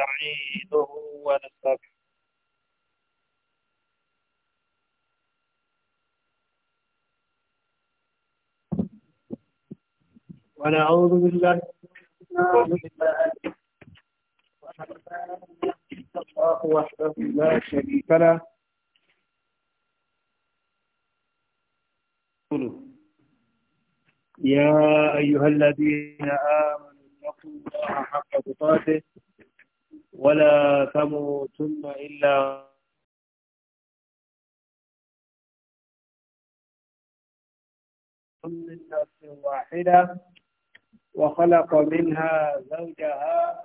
ونستعينه ونستغفره ونعوذ بالله الله وحده لا شريك له يا أيها الذين آمنوا اتقوا الله حق تقاته ولا تموتن إلا من نفس واحدة وخلق منها زوجها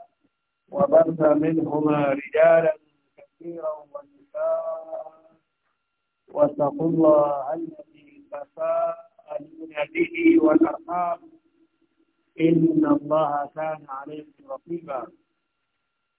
وبث منهما رجالا كثيرا ونساء واتقوا الله الذي تساءلون به والأرحام إن الله كان عليكم رقيبا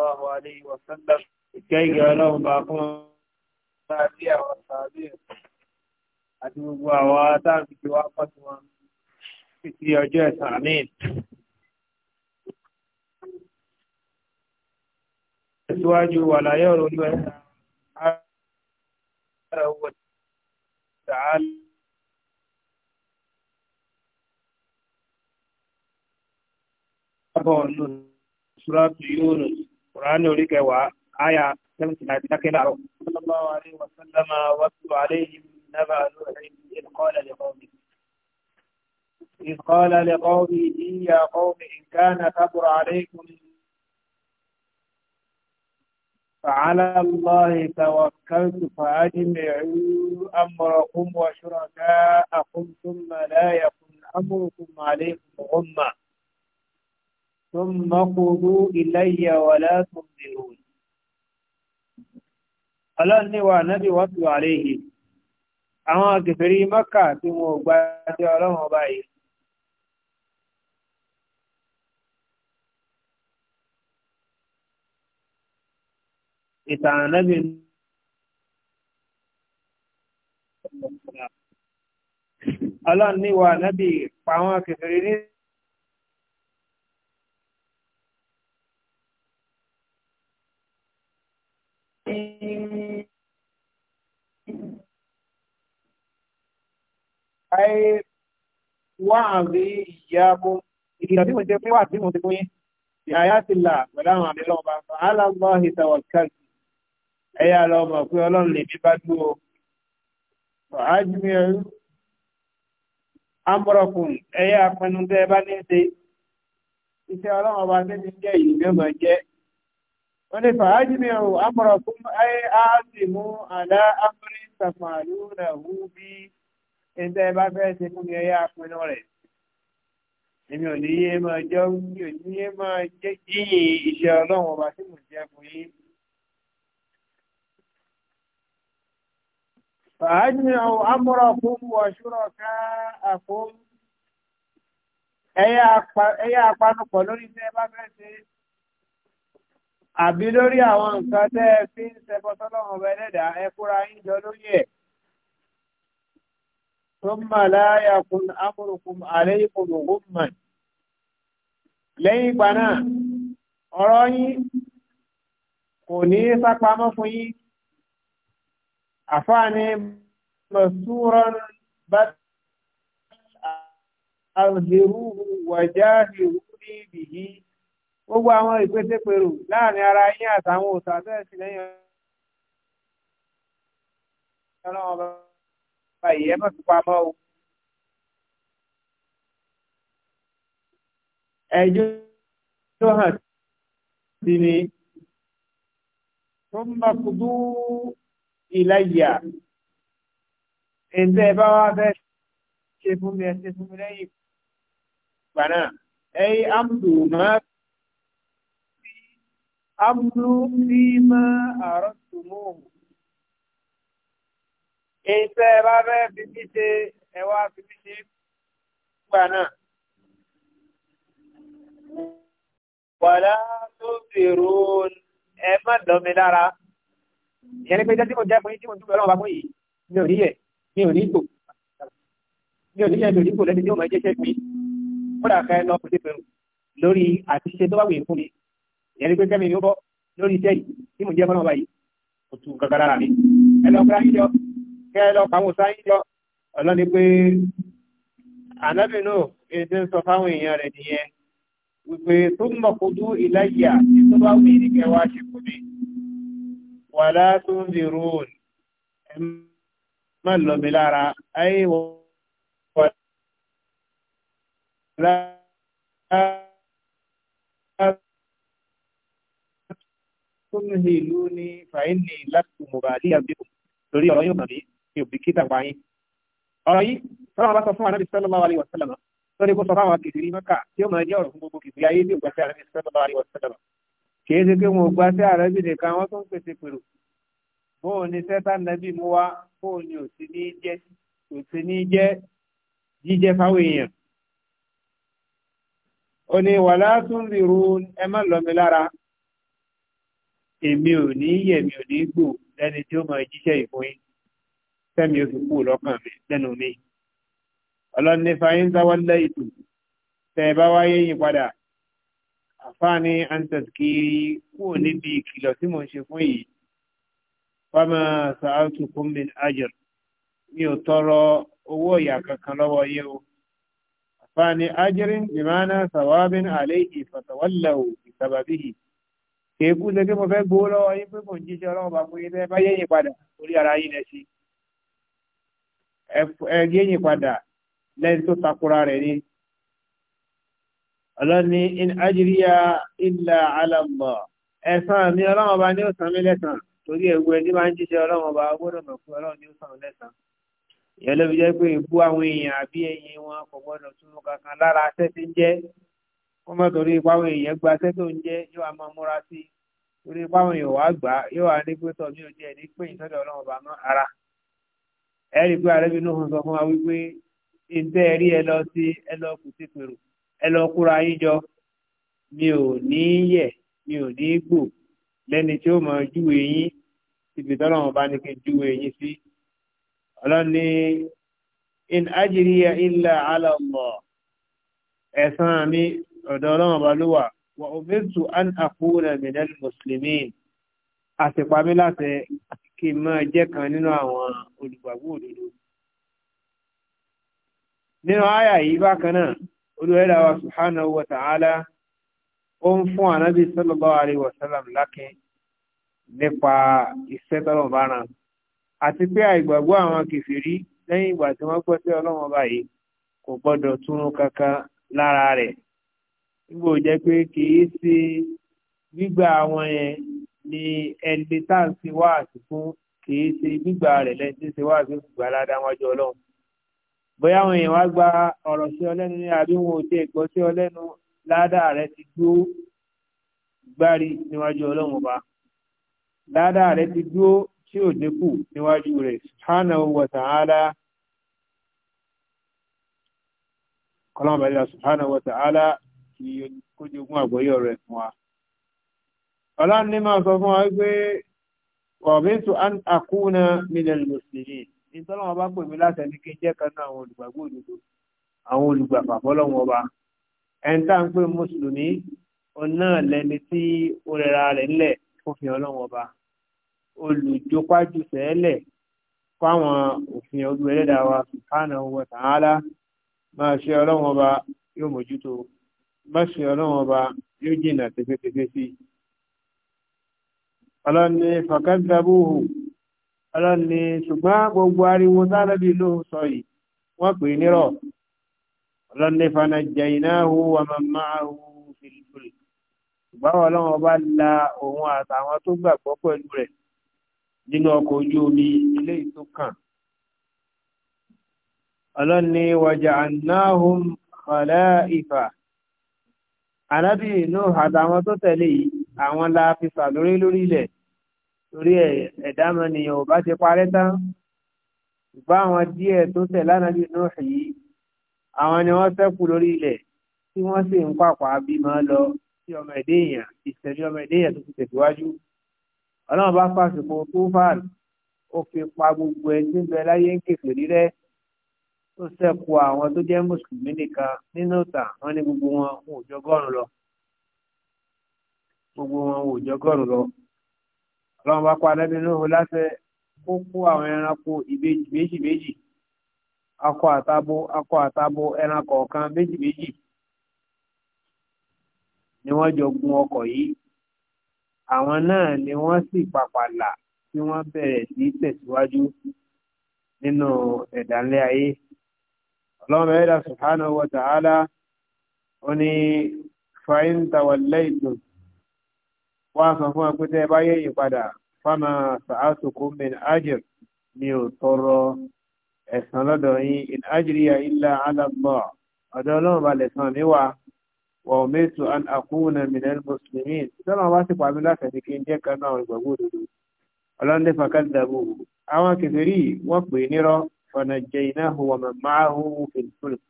sallallahu alayhi wa sallam ìkẹ́yìn ọlọ́run bá fún àti àwọn sàbí àti gbogbo àwọn atáàbìkì wá pọ̀tù wọn títí ọjọ́ ẹ̀sán àmín. Síwájú wà láyé ọ̀rọ̀ olú ẹ̀ ara owó tààlà. Bábọ̀ ọ̀nà Súrátù Yúnus. القرآن يوليك وآية سمسنا بذلك العرب صلى الله عليه وسلم واتل عليهم نبع نوح إذ قال لقومه إذ قال لقومه إيه يا قوم إن كان كبر عليكم فعلى الله توكلت فأجمعوا أمركم وشركاءكم ثم لا يكن أمركم عليكم غمّا ثم قضوا إلي ولا تنظرون ọlọ́run ní wa nábì wọ́n fi wà léyìí àwọn kèfèrí mọ́kà tí wọn ò gba tí ọlọ́run ọba yìí wa ayé wá àrí ìyàbọ̀ ìkìlọ̀ tí mo ṣe pé wà tí mo ti fún yín ìhàyà ti là pẹ̀lú àwọn àmì lọ́wọ́ bá aláàbọ̀ ìtawọ̀kẹ́lì ẹ̀yà lọ́mọ pé ọlọ́run lè mi bá dúró ajúmíọ̀rú amúrọ̀kùn ẹ̀yà pinnu tẹ́ bá ní ṣe iṣẹ́ ọlọ́run ọba tẹ́lẹ̀ jẹ́ ìlú mẹ́mọ̀ jẹ́ wọ́n ní fàájì mi ò amọ̀rọ̀ fún ayé á sì mú àlá amúrí sàmàlú rẹ̀ wú bí ẹ̀ńtẹ́ bá fẹ́ ṣe fún mi ẹ̀yà pinnu rẹ̀. èmi ò ní yé máa jẹ́ mi ò ní yé máa jẹ́ yíyìn iṣẹ́ ọba tí mò ń jẹ́ fún fàájì mi ò amọ̀rọ̀ fún wọ̀ṣúrọ̀ ká àfọ́ ẹ̀yà apanupọ̀ lórí iṣẹ́ bá fẹ́ ṣe àbí lórí àwọn nǹkan tẹ́ ẹ fi ń ṣẹbọ sọ́lọ́run ọba ẹlẹ́dàá ẹ kóra yín jọ lórí ẹ̀ thumma la yakun amrukum alaykum ghumman lẹ́yìn ìgbà náà ọ̀rọ̀ yín kò ní sápamọ́ fún yín àfáàní masuran bá àzìrúhu wàjáhìrú níbìyí gbogbo àwọn ìpèsèpèrò láàrin ara yín àtàwọn òòtà bẹ́ẹ̀ sì lẹ́yìn ọlọ́run ọba ìyẹn mọ̀ tó pamọ́ o. ẹjọ́ tó hàn sí ni tó máa kudú ìlàyà ẹ̀ǹtẹ́ bá wá fẹ́ ṣe fún mi ẹ̀ ṣe fún mi lẹ́yìn ìgbà náà ẹ̀yìn amdu máa amlu fíìmà àrọ́tùmọ́ọ̀mù. Iṣẹ́ bá fẹ́ fi mí ṣe ẹwà fi mí ṣe gbà náà. Wàlá tó fèrò ẹ má dán mi lára. Ìyẹn ni pé jẹ́ tí mo jẹ́ fún yín tí mo dúpẹ́ ọlọ́run bá fún yìí. Mi ò níyẹ̀, mi ò ní tò. Mi ò níyẹ̀, mi ò ní lẹ́ni tí ó máa jẹ́ mi. Kódà ká ẹ lọ kó ṣe fẹ́rù lórí àtiṣe tó bá wù yín fún mi ìyẹn ni pé kẹ́mi ni ó bọ́ lórí iṣẹ́ yìí tí mo jẹ́ fọ́nà ọba yìí kò tu kankan lára mi ẹ lọ kúrá yín jọ kẹ́ ẹ lọ pa àwọn sáyín jọ ọlọ́ni pé ànábìnú èdè ń sọ fáwọn èèyàn rẹ̀ nìyẹn wípé tó ń bọ̀ kojú ìlàyà tí tó bá wí ní kẹwàá ṣe kú mi wàlá tó ń rúùn ẹ má lọ mi lára ayé wọ wàlá tún lè lú ní fàáìní láti mọ̀bà ní àbíkù lórí ọ̀rọ̀ yóò màmí ní òbí kíta pa yín. ọ̀rọ̀ yìí sọ́nà bá sọ fún anábì sallallahu alaihi wasallam tó ní kó sọ fáwọn kìsìrí mọ́kà tí ó máa jẹ́ ọ̀rọ̀ fún gbogbo kìsìrí ayé ní ògbàṣẹ́ anábì sallallahu alaihi wasallam. kì í ṣe pé wọn ò gba sí arábì nìkan wọn tó ń pèsè pèrò. bóun ni sẹ́tà nàbì mú wá bóun ni òsì ní jẹ́ òsì ní jẹ́ jíjẹ fáwọn èèyàn. ó ní wàlá tún rírun ẹ má lọ mi lára èmi ò ní yẹ mi ò ní gbò lẹ́ni tí ó máa jíṣẹ́ ìfún yín fẹ́mi ó fi kú lọ́kàn mi lẹ́nu mi ọlọ́run ní fàáyín táwọn lẹ́yìtù tẹ́ ẹ bá wáyé yín padà àfáàní ansẹt kì í kúrò níbi ìkìlọ̀ tí mò ń ṣe fún yìí fama sàátù kúmbin ajr mi ò tọrọ owó ìyà kankan lọ́wọ́ yẹ o àfáàní ajirin bimana sawabin alayhi fatawallahu bisababihi èkú ṣe pé mo fẹ́ gbowó lọ́wọ́ yín pé kò ń jíṣẹ́ ọlọ́run bá fún yín tẹ́ bá yẹ̀yìn padà orí ara yín lẹ sí ẹ yẹ̀yìn padà lẹ́yìn tó takora rẹ̀ ni ọlọ́ni in ajiriya illa ala Allah ẹ̀sán mi ọlọ́run ọba ní òsàn mi lẹ́sàn torí ẹ̀wọ́ ẹni máa ń jíṣẹ́ ọlọ́run ọba gbọ́dọ̀ mọ̀ fún ọlọ́run ní òsàn lẹ́sàn ìyẹn ló fi jẹ́ pé ìbú àwọn èèyàn àbí ẹ̀yìn wọn kò gbọ́dọ̀ wọ́n mọ̀ torí ipáwọn èèyàn gba iṣẹ́ tó ń jẹ́ yóò wá máa múra sí i torí ipáwọn èèyàn wá gbà á yóò wá ní pé tọ̀ mí ò jẹ́ ní pé ìtọ́jọ́ ọlọ́run bá mọ́ ara ẹ rí i pé àrẹ́bí náà sọ fún wa wípé ìtẹ́ ẹ̀rí ẹ lọ sí ẹ lọ kù sí pèrò ẹ lọ kúra yín jọ mi ò ní yẹ mi ò ní gbò lẹ́ni tí ó mọ júwe yín síbi tọ́lọ́run bá ní kí júwe yín sí ọlọ́run ní mi ọ̀dọ̀ ọlọ́run ọba ló wà wà umirtu an akuna minal muslimin àti pa mí láti kí n máa jẹ́ kan nínú àwọn olùgbàgbọ́ òdodo nínú àyà yìí bákan náà olùwẹ́dà wa subhanahu wa ta'ala ó ń fún ànábì sallallahu alaihi wa sallam lákẹ́ nípa iṣẹ́ tọ́lọ̀ bá ràn àti pé àìgbàgbọ́ àwọn kèfèrí lẹ́yìn ìgbà tí wọ́n gbọ́ sí ọlọ́run ọba yìí kò gbọ́dọ̀ túnú kankan lára rẹ̀ nígbò jẹ́ pé kìí ṣe gbígbà àwọn yẹn ni ẹni tá à ń ṣe wáàsí fún kìí ṣe gbígbà rẹ̀ lẹ́ni tí ń ṣe wáàsí fún gbà ládáwájú ọlọ́run bóyá àwọn èèyàn wá gba ọ̀rọ̀ sí ọ lẹ́nu ní àbí wọn ò tiẹ̀ gbọ́ sí ọ lẹ́nu ládàá rẹ ti dúró gbárí níwájú ọlọ́run ọba ládàá rẹ ti dúró tí ò dínkù níwájú rẹ̀ subhanahu wa ta'ala kọlọ́mọ̀bẹ̀lá subhanahu wa ta'ala kí kó jogún àgbọ́yọ̀ rẹ̀ fún wa ọlọ́run ní máa sọ fún wa wípé rọ̀bíntù an àkúnà mílẹ̀lì mùsùlùmí nítorí wọn bá pè mí láti ẹni kí n jẹ́ kan náà àwọn olùgbàgbọ́ òdodo àwọn olùgbàgbà fọlọ́wọn ọba ẹni tá à ń pè mùsùlùmí ọ̀nà lẹni tí ó rẹra rẹ̀ ńlẹ̀ fòfin ọlọ́wọn ọba olùjókòájú sẹ́ẹ̀lẹ̀ fáwọn òfin ọdún ẹlẹ́dàá wa subhanahu wa ta'ala máa ṣe ọlọ́wọn ọba yóò mójútó bá ṣe ọlọ́run ọba yóò jìnà tẹfẹ́tẹfẹ́ sí ọlọ́ni fàkàdàbòhù ọlọ́ni ṣùgbọ́n gbogbo ariwo tálẹ́bí ló sọ yìí wọ́n pè nírọ̀ ọlọ́ni fanajjaynahu wa man ma'ahu fil fulk ṣùgbọ́n ọlọ́run ọba la òun àtàwọn tó gbàgbọ́ pẹ̀lú rẹ̀ nínú ọkọ̀ ojú omi ilé ìtúkàn ọlọ́ni waja'annahum khala'ifa ànábì inú àtàwọn tó tẹ̀lé yìí àwọn la fi fà lórí lórí ilẹ̀ torí ẹ̀dá mọ̀nìyàn ò bá ti parẹ́ tán bá àwọn díẹ̀ tó tẹ̀ lánàbì inú yìí àwọn ni wọ́n ṣẹ́kù lórí ilẹ̀ tí wọ́n sì ń pàpà bímọ lọ sí ọmọ ẹ̀dẹ́ èèyàn ìṣẹ̀lẹ̀ ọmọ ẹ̀dẹ́ èèyàn tó ti tẹ̀síwájú ọlọ́run bá fàṣìkò tó fà ó fi pa gbogbo ẹ̀ tí ń bẹ láyé ń kèfèrí rẹ́ tó ṣẹ́kù àwọn tó jẹ́ mùsùlùmí nìkan nínú ìta wọn ní gbogbo wọn ò jọgọ́rùn lọ gbogbo wọn ò jọgọ́rùn lọ ọlọ́run bá pa lẹ́bí inú láṣẹ kó kó àwọn ẹranko ìbejì méjì méjì akọ àtabo akọ àtabo ẹran kọ̀ọ̀kan méjì méjì ni wọ́n jọ gun ọkọ̀ yìí àwọn náà ni wọ́n sì papà tí wọ́n bẹ̀rẹ̀ sí tẹ̀síwájú nínú ẹ̀dá ńlẹ̀ ayé ọlọ́run ẹ̀dà subhanahu wa ta'ala ó ní fa'in tawallaytum wá sọ fún wa pé tẹ́ ẹ bá yẹ ìpadà fama sa'atukum min ajr mi ò tọrọ ẹ̀san lọ́dọ̀ yín in ajriya illa ala Allah ọ̀dọ̀ ọlọ́run balẹ̀ san mi wá wa umirtu an akuna minal muslimin ìtọ́nà wá sì pàmí láti ẹni kí n jẹ́ kan náà ìgbàgbọ́ ọlọ́run dé fakaddabu àwọn kèfèrí wọ́n pè é nírọ́ fanajjaynahu wa man ma'ahu fil fulk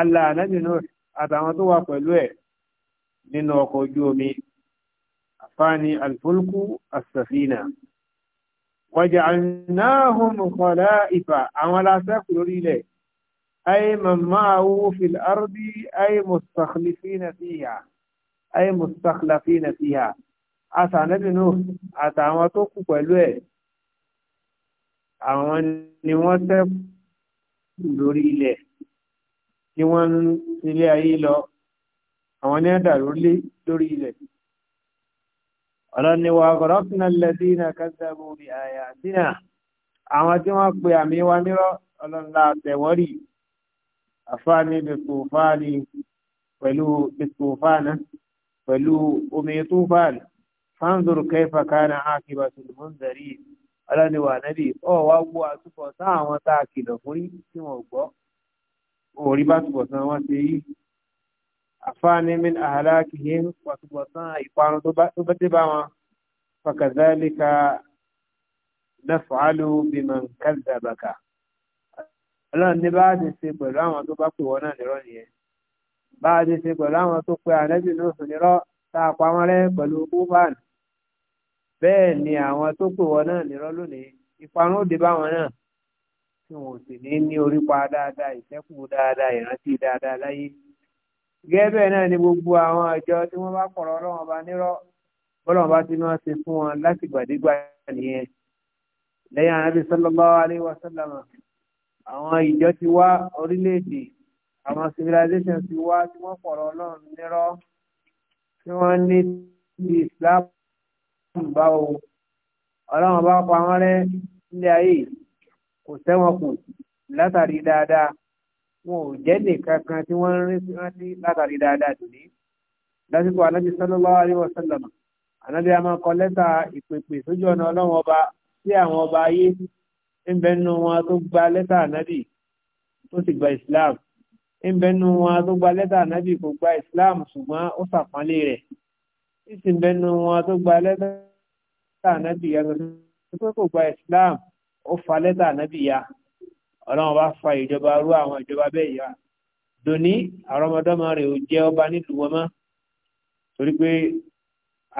Allah ànábì Nuh àtàwọn tó wà pẹ̀lú ẹ̀ nínú ọkọ̀ ojú omi àfáàní alfulku as-safina waja'alnahum khala'ifa àwọn aláṣẹ́kù lórí ilẹ̀ ay man ma'ahu fil ardi ay mustakhlifina fiha ay àtàwọn tó kù pẹ̀lú ẹ̀ àwọn ni wọ́n sẹ́kù lórí ilẹ̀ tí wọ́n ń ilé ayé lọ àwọn ní ẹ̀dà lórí ilẹ̀ ọlọ́ni wa gọ̀rọ́fìnà lẹ́dínà kẹsàbù rí àyà sínà àwọn tí wọ́n pe àmì wa nírọ́ ọlọ́nlá tẹ̀wọ́rì àfáàní bìtòfáàní pẹ̀lú bìtòfáàná pẹ̀lú omi tófáàní fáńdùrù kẹfà kánà ákìbà tùlùmùn zarí ọlọ́niwà nẹ́bí ọ̀ wá wo àtúbọ̀ tán àwọn tá a kìlọ̀ fún rí tí wọn ò gbọ́ òrí bá túbọ̀ tán wọ́n ṣe yí àfáàní min àhàlá kìí wà túbọ̀ tán ìparun tó bá dé bá wọn fakadhalika naf'alu biman kadhabaka ọlọ́run ní bá a ti ṣe pẹ̀lú àwọn tó bá pè wọ́n náà nírọ́ nìyẹn bá a ti ṣe pẹ̀lú àwọn tó pe ànẹ́bí náà sùn nírọ́ tá a pa wọ́n pẹ̀lú kúbánì bẹ́ẹ̀ ni àwọn tó pè wọ́n náà nírọ́ lónìí ìparun ó dé bá wọn náà tí wọn ò sì ní ní orípa dáadáa ìṣẹ́kù dáadáa ìrántí dáadáa láyé gẹ́gẹ́ bẹ́ẹ̀ náà ni gbogbo àwọn àjọ tí wọ́n bá pọ̀rọ̀ ọlọ́run ọba nírọ́ bọ́lọ̀ bá ti máa ṣe fún wọn láti gbàdégbà nìyẹn lẹ́yìn anábì sallallahu alaihi wasallam àwọn ìjọ ti wá orílẹ̀-èdè àwọn civilization ti wá tí wọ́n pọ̀rọ̀ ọlọ́run nírọ́ tí wọ́n ní ti Islam ń bá o ọlọ́run bá pa wọ́n rẹ́ ilé ayé kò sẹ́wọ̀n kù látàrí dáadáa wọn ò jẹ́ nìkan kan tí wọ́n rántí látàrí dáadáa tòní lásìkò anábì sallallahu alaihi wasallam anábì a máa kọ lẹ́tà ìpèpè sójú ọ̀nà ọlọ́run ọba sí àwọn ọba ayé ńbẹ́ nínú wọn tó gba lẹ́tà anábì tó sì gba islam ńbẹ́ nínú wọn tó gba lẹ́tà anábì kò gba islam ṣùgbọ́n ó ṣàpọ́nlé rẹ̀ ìsìn bẹnu wọn tó gba lẹ́tà ànábì ya sọ pé kò gba islam ó fa lẹ́tà ànábì ya ọlọ́run bá fa ìjọba rú àwọn ìjọba bẹ́ẹ̀ ya dòní àrọmọdọ́mọ rẹ̀ ò jẹ́ ọba nílùú wọn mọ́ torí pé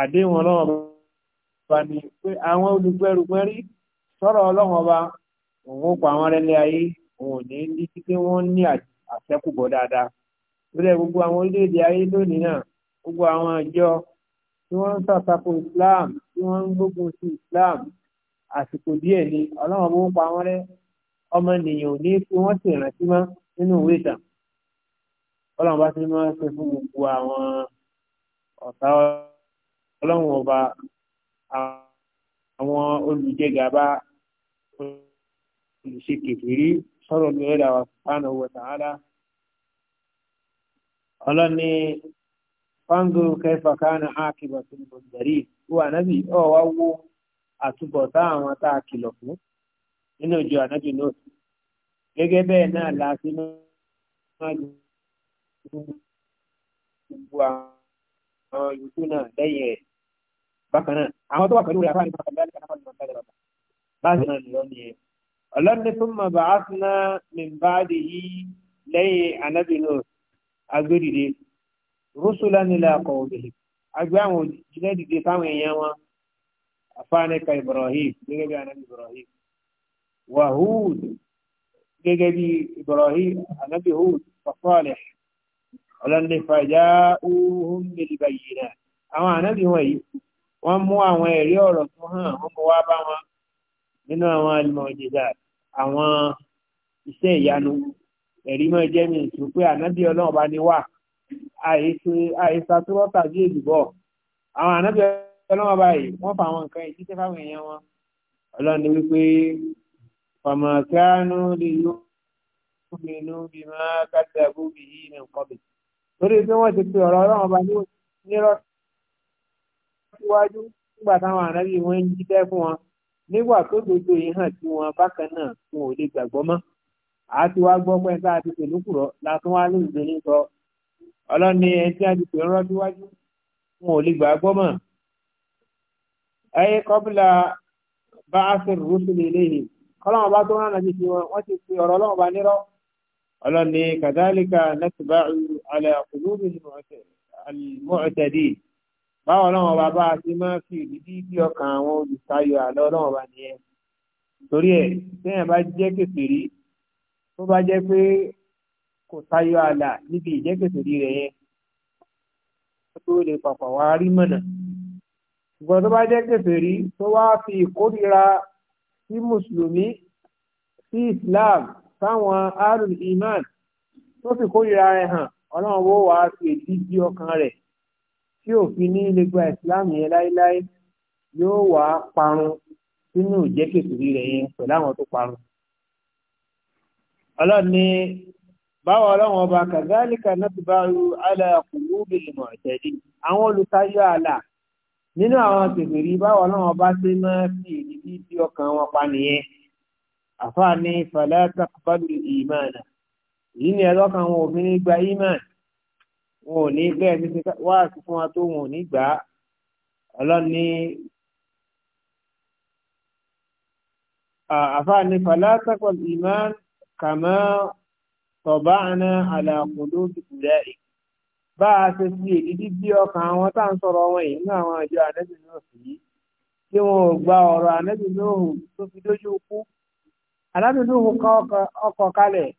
àdéhùn ọlọ́run ọba ni pé àwọn olùgbẹ́rùgbẹ́ rí sọ̀rọ̀ ọlọ́run ọba òun ó pa àwọn rẹ́lẹ́ ayé òun ò ní ní sí pé wọ́n ní àṣẹ́kùbọ̀ dáadáa lórí gbogbo àwọn orílẹ̀-èdè ayé lónìí náà gbogbo àwọn ìjọ tí wọ́n ń tàtàkù Islam tí wọ́n ń gbógun sí Islam àsìkò díẹ̀ ni ọlọ́run bó ń pa wọ́n rẹ́ ọmọnìyàn ò ní fi wọ́n sì rántí mọ́ nínú ìwé ìtàn ọlọ́run bá ti máa ń ṣe fún gbogbo àwọn ọ̀tá ọlọ́run ọba àwọn olùjẹgàba olùṣekèfèrí sọ̀rọ̀ lórí àwọn subhanahu wa ta'ala ọlọ́ni fáńgò kẹfà kánà ákìbà tó ń bọ̀dẹ̀rì ó ànábì ọ̀ wá wó àtúbọ̀tá àwọn tá a kìlọ̀ fún nínú ìjọ ànábì náà gẹ́gẹ́ bẹ́ẹ̀ náà la fi máa lu gbogbo àwọn yòókù náà lẹ́yìn ẹ̀ bákan náà àwọn tó wà pẹ̀lú rẹ̀ afáàní bákan náà kàná fún ìmọ̀ta ìjọba báyìí náà nìyọ́ ni ẹ̀ ọlọ́ni fún màbà áfínà mìmbáàdì yìí lẹ́yìn ànábì náà agbódìde rusulan ila qawmihim àgbẹ̀ àwọn òjìlẹ̀ dìde fáwọn èèyàn wọn ibrahim anabi ibrahim wa hud bí ibrahim anabi hud wa salih ọlọ́ni faja'uhum bil anabi wọn wọ́n mú àwọn mi anabi àìṣe àìṣàtúrọ̀ tàbí èlùbọ̀ àwọn ànábì ọlọ́wọ́ báyìí wọ́n fa àwọn nǹkan ìjíṣẹ́ fáwọn èèyàn wọn ọlọ́ni wípé fàmọ̀kánú lè yọ nínú bí máa kájà bóbi yìí ní nǹkan bì torí pé wọ́n ti pe ọ̀rọ̀ ọlọ́wọ́ bá nírọ̀ síwájú nígbà táwọn ànábì wọn ń jíṣẹ́ fún wọn nígbà tó gbogbo yìí hàn tí wọn bákan náà wọn ò lè gbàgbọ́ mọ́ àti wá gbọ́ pé tá a ti pè lókùrọ̀ la tún wá lóògbé ní sọ ọlọ́ni ẹni tí a ti pè ń rọ́ síwájú wọn ò lè gbàgbọ́ mọ̀ ẹyẹ kọ́bílà bá a fi rúṣìlì léyìn kọ́lọ́wọ́n bá tó rán àbí fi wọn wọ́n ti fi ọ̀rọ̀ ọlọ́wọ́n bá nírọ́ ọlọ́ni kàdálíkà nẹ́tìbá alẹ́ olómi mọ́ọ̀tẹ́dì báwọn ọlọ́wọ́n bá bá a ti máa fi ìdídí bí ọkàn àwọn olùsáyọ àlọ́ ọlọ́wọ́n bá nìyẹn torí ẹ̀ sẹ́yìn bá jẹ́ kékeré tó bá jẹ́ pé kò tayọ ààlà níbi ìjẹ́gbèsèrí rẹ̀ yẹn kó tó lè pàpà wá rí mọ̀nà ṣùgbọ́n tó bá jẹ́ gbèsèrí tó wá fi ìkórira sí mùsùlùmí sí islam sáwọn arun iman tó fi kórira rẹ̀ hàn ọlọ́run ó wàá fi èdè di ọkàn rẹ̀ tí òfin ní ilé gba islam yẹn láéláé yóò wàá parun sínú ìjẹ́kèsìrí rẹ̀ yẹn pẹ̀lú àwọn tó parun. ọlọ́run ní báwo ọlọ́run ọba kàzálíkà náà ti bá ru aláàkùnrin obìnrin ọ̀tẹ̀lì àwọn olùtayọ ààlà nínú àwọn tèmírí báwo ọlọ́run ọba ṣe máa fi ìdí bí ọkàn wọn pa nìyẹn àfáà ní fàlàtà pàdù ìmáàna èyí ni ẹlọ́kàn wọn ò fi ní gba ìmáàn wọn ò ní bẹ́ẹ̀ ti ṣe wá fún wa tó wọn ò ní gbà á ọlọ́run ní ní fàlàtà pàdù ìmáàn kàmáà tọ̀bá àná àlàkùnló ìpìlẹ̀ ì bá a ṣe fi èdìdí bí ọkàn àwọn tá ń sọ̀rọ̀ wọn yìí nínú àwọn àjọ ànẹ́bì náà sí tí wọn ò gba ọ̀rọ̀ ànẹ́bì náà tó fi dójú kú ànẹ́bì náà kọ ọkọ̀ kalẹ̀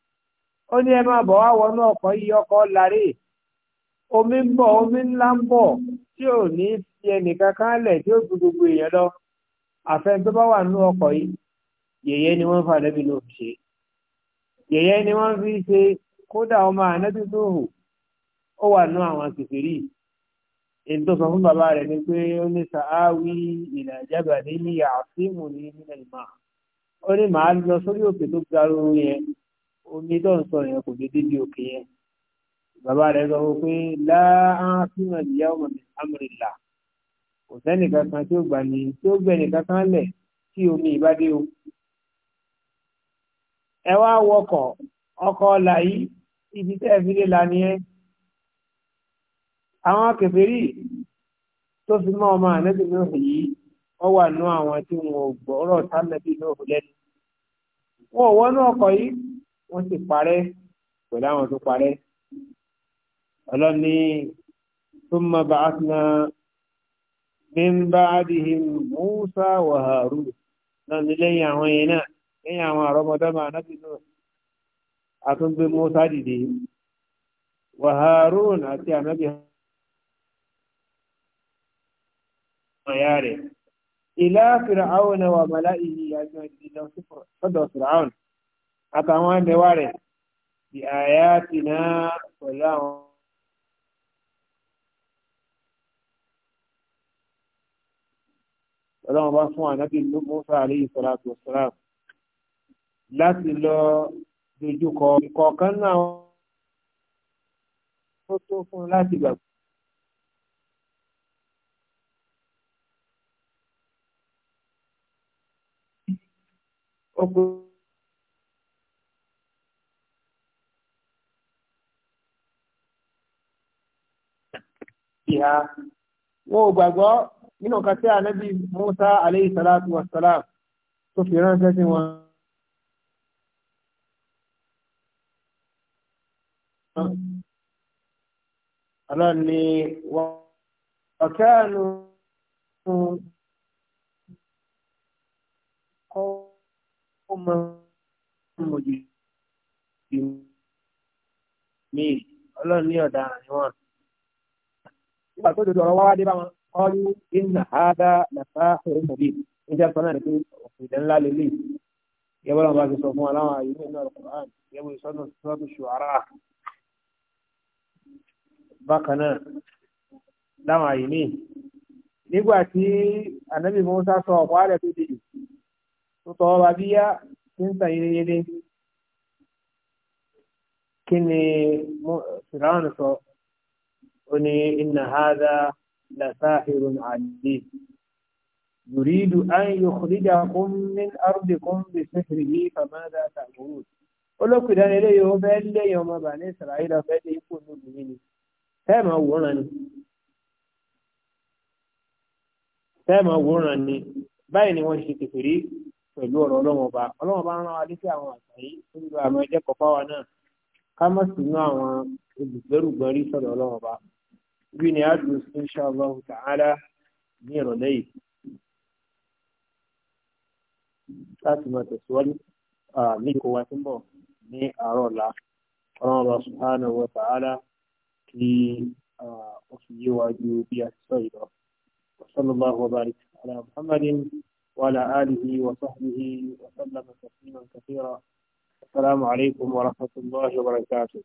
ó ní ẹ máa bọ̀ wá wọnú ọkọ̀ yìí ọkọ̀ láre omi ń bọ̀ omi ńlá ń bọ̀ tí ò ní fi ẹnìkan kan lẹ̀ tí ó ju gbogbo èèyàn lọ àfẹn tó bá wà nínú ọkọ̀ yìí yèyé ni wọ́n fa ànẹ́bì náà fi ṣe yẹ̀yẹ́ ni wọ́n fi ṣe kódà ọmọ ànábì Nuhu ó wà nú àwọn kìfìrí èyí tó sọ fún bàbá rẹ̀ ni pé ó ní sàáwí ìlà ìjábà ní ní àfíìmù ní nílẹ̀ ìmọ̀ ó ní màá lọ sórí òkè tó ga lóru yẹn omi tó ń sọ yẹn kò dé débi òkè yẹn bàbá rẹ̀ sọ pé láàfíìmù ìyá ọmọ mi amúrìlà kò sẹ́nìkan tí ó gbà ní tí ó gbẹ̀nìkan kan lẹ̀ tí omi ìbá dé o ẹ wá wọkọ̀ ọkọ̀ ọ̀là yìí ibi tẹ́ ẹ fi lè là nìyẹn àwọn kèfèrí tó fi mọ́ ọmọ ànẹ́bí náà yìí wọ́n wà nú àwọn tí wọn ò gbọ́rọ̀ sánẹ́bí náà lẹ́nu wọn ò wọ́nú ọkọ̀ yìí wọ́n sì parẹ́ pẹ̀lú àwọn tó parẹ́ ọlọ́ni ثم بعثنا من بعدهم موسى وهارون náà nílẹ̀ yìí àwọn yẹn náà lẹ́yìn àwọn àrọ́mọdọ́mọ anábì náà àtúngbé Mùsá dìde wa Harun àti anábì ọ̀yá rẹ̀ ìlà Fir'aun wa mala'ihi àti ìdílé sọ́dọ̀ Fir'aun àtàwọn ẹ̀mẹ́wà rẹ̀ bí àyà ti náà pẹ̀lú àwọn. Ọlọ́run bá fún ànábì Mùsá alayhi salatu wassalam láti lọ dojúkọ ìkọ̀ọ̀kan náà ó tó fún un láti gbàgbọ́. ó pé ìhà wọn ò gbàgbọ́ nínú nǹkan tí ànábì Musa aleyhi salatu wa salam tó fi ránṣẹ́ sí wọn. ọlọ́run ni wọ́n kẹ́ẹ̀lú kọ́ ọmọ mọ̀jì mi ọlọ́run ní ọ̀daràn ni wọ́n. nígbà tó dodo ọ̀rọ̀ wáwá dé bá wọn kọ́lú iná àádá nàfà òrùmọ̀bí níjà sọ náà ní pé ńlá lélẹ̀ yẹ́wọ́n bá ti sọ fún wa láwọn àyè bákan náà láwọn àyè míì nígbà tí ànábì Musa sọ ọ̀pọ̀ ààrẹ tó dìjù tó tọ́ ọba bíyá tí ń tàn yéléyélé kí ni fìràwọn sọ ó ní inna hadha la sahirun alim yuridu an yukhrijakum min ardikum bi sihrihi famadha ta'murun olókùdánilé yóò fẹ́ lé yọmọ bà ní Isra'ila fẹ́ lé ipò níbi yìí tẹ́ẹ̀mà wòran ni tẹ́ẹ̀mà wòran ni báyìí ni wọ́n ṣe kẹfìrí pẹ̀lú ọ̀rọ̀ ọlọ́wọ́n ọba ọlọ́wọ́n ọba ń rán wa létí àwọn àṣà yìí tó ń lo àwọn ẹjẹ́ kọ̀ọ̀kan wa náà ká má sì nú àwọn olùgbẹ́rùgbọ́n rí sọ̀rọ̀ ọlọ́wọ́n bí ni a dùn sí insha Allah ta'ala ní ìrọ̀lẹ́ yìí láti máa tẹ̀síwájú ní ìkó tí ń bọ̀ ní àárọ̀ ọ̀la ọlọ́wọ́n ọba subhanahu wa ta'ala. في آه، وفي fi yé وصلى الله وبارك على محمد وعلى آله وصحبه وسلم تسليما كثيرا السلام عليكم ورحمة الله وبركاته